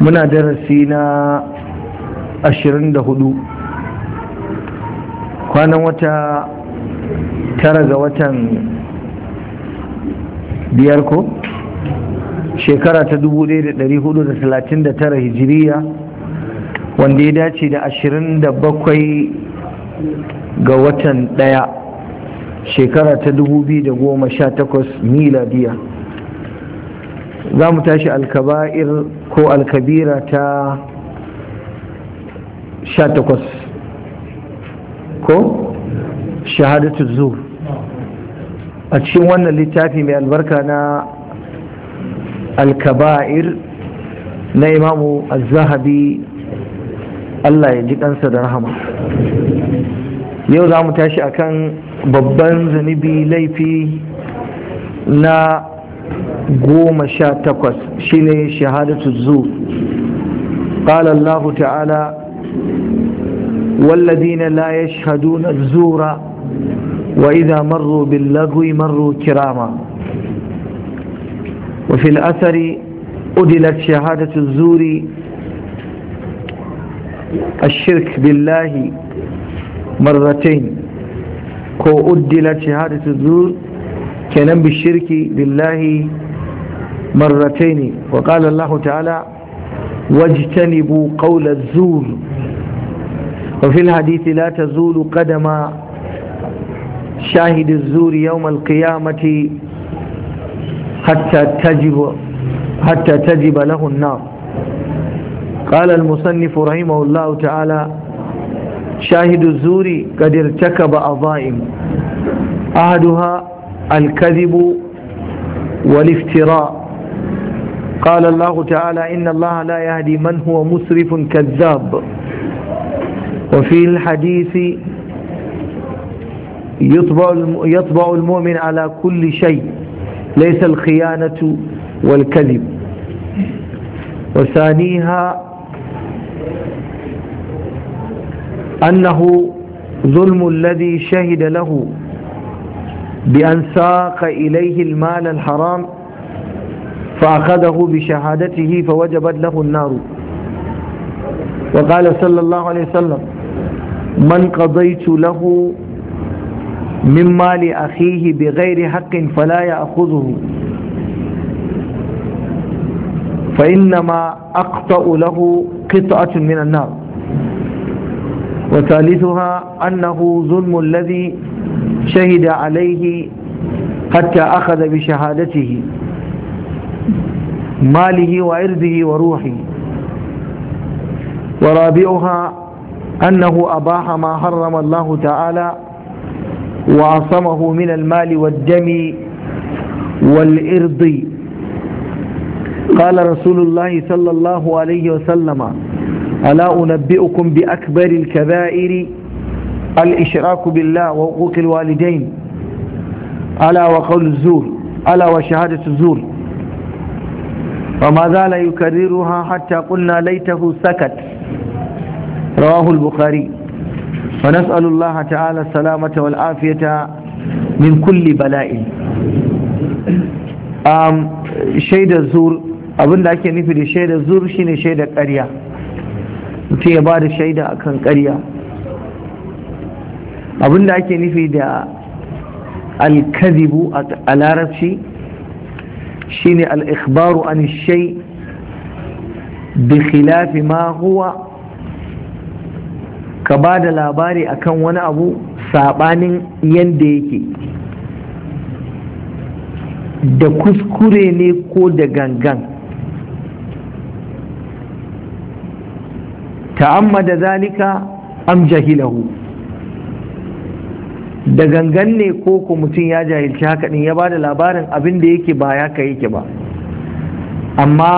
muna darasi na 24 kwanan wata tara ga watan biyar ko shekara ta 1439 hijiriya wanda ya dace da 27 ga watan daya shekara ta 2018 miladiya za mu tashi alkaba'ir ko alkabira ta 18 ko shahadatu zur a cikin wannan littafi mai albarka na alkaba'ir na imamu az-zahabi Allah ya ji kansa da rahama yau za mu tashi akan babban zunubi laifi na قوم sha takwas شهادة الزور قال الله تعالى والذين لا يشهدون الزور وإذا مروا باللغو مروا كراما وفي الأثر أدلت شهادة الزور الشرك بالله مرتين كو أدلت شهادة الزور كنم بالشرك بالله مرتين وقال الله تعالى واجتنبوا قول الزور وفي الحديث لا تزول قدم شاهد الزور يوم القيامة حتى تجب حتى تجب له النار قال المصنف رحمه الله تعالى شاهد الزور قد ارتكب عظائم أحدها الكذب والافتراء قال الله تعالى إن الله لا يهدي من هو مسرف كذاب وفي الحديث يطبع المؤمن على كل شيء ليس الخيانة والكذب وثانيها أنه ظلم الذي شهد له بأن ساق إليه المال الحرام فأخذه بشهادته فوجبت له النار وقال صلى الله عليه وسلم من قضيت له من مال أخيه بغير حق فلا يأخذه فإنما أقطأ له قطعة من النار وثالثها أنه ظلم الذي شهد عليه حتى أخذ بشهادته ماله وعرضه وروحه ورابعها أنه أباح ما حرم الله تعالى وعصمه من المال والدم والإرض قال رسول الله صلى الله عليه وسلم ألا أنبئكم بأكبر الكبائر الإشراك بالله وحقوق الوالدين ألا وقول الزور ألا وشهادة الزور وما زال يكررها حتى قلنا ليته سكت رواه البخاري ونسأل الله تعالى السلامة والعافية من كل بلاء um, shaidar zur da ake nufi da shaidar zur shine shaidar ƙarya mutum ya ba da shaida akan ƙarya abinda ake nufi da alkazibu a larabci shine al-ikhbaru an shay bi khilaf ma huwa ka ba da labari akan wani abu sabanin yanda yake da kuskure ne ko da gangan ta'ammada zalika am jahilahu da gangan ne ko ko mutum ya jahilci haka ɗin ya ba da labarin abin da yake ba ya kai yake ba amma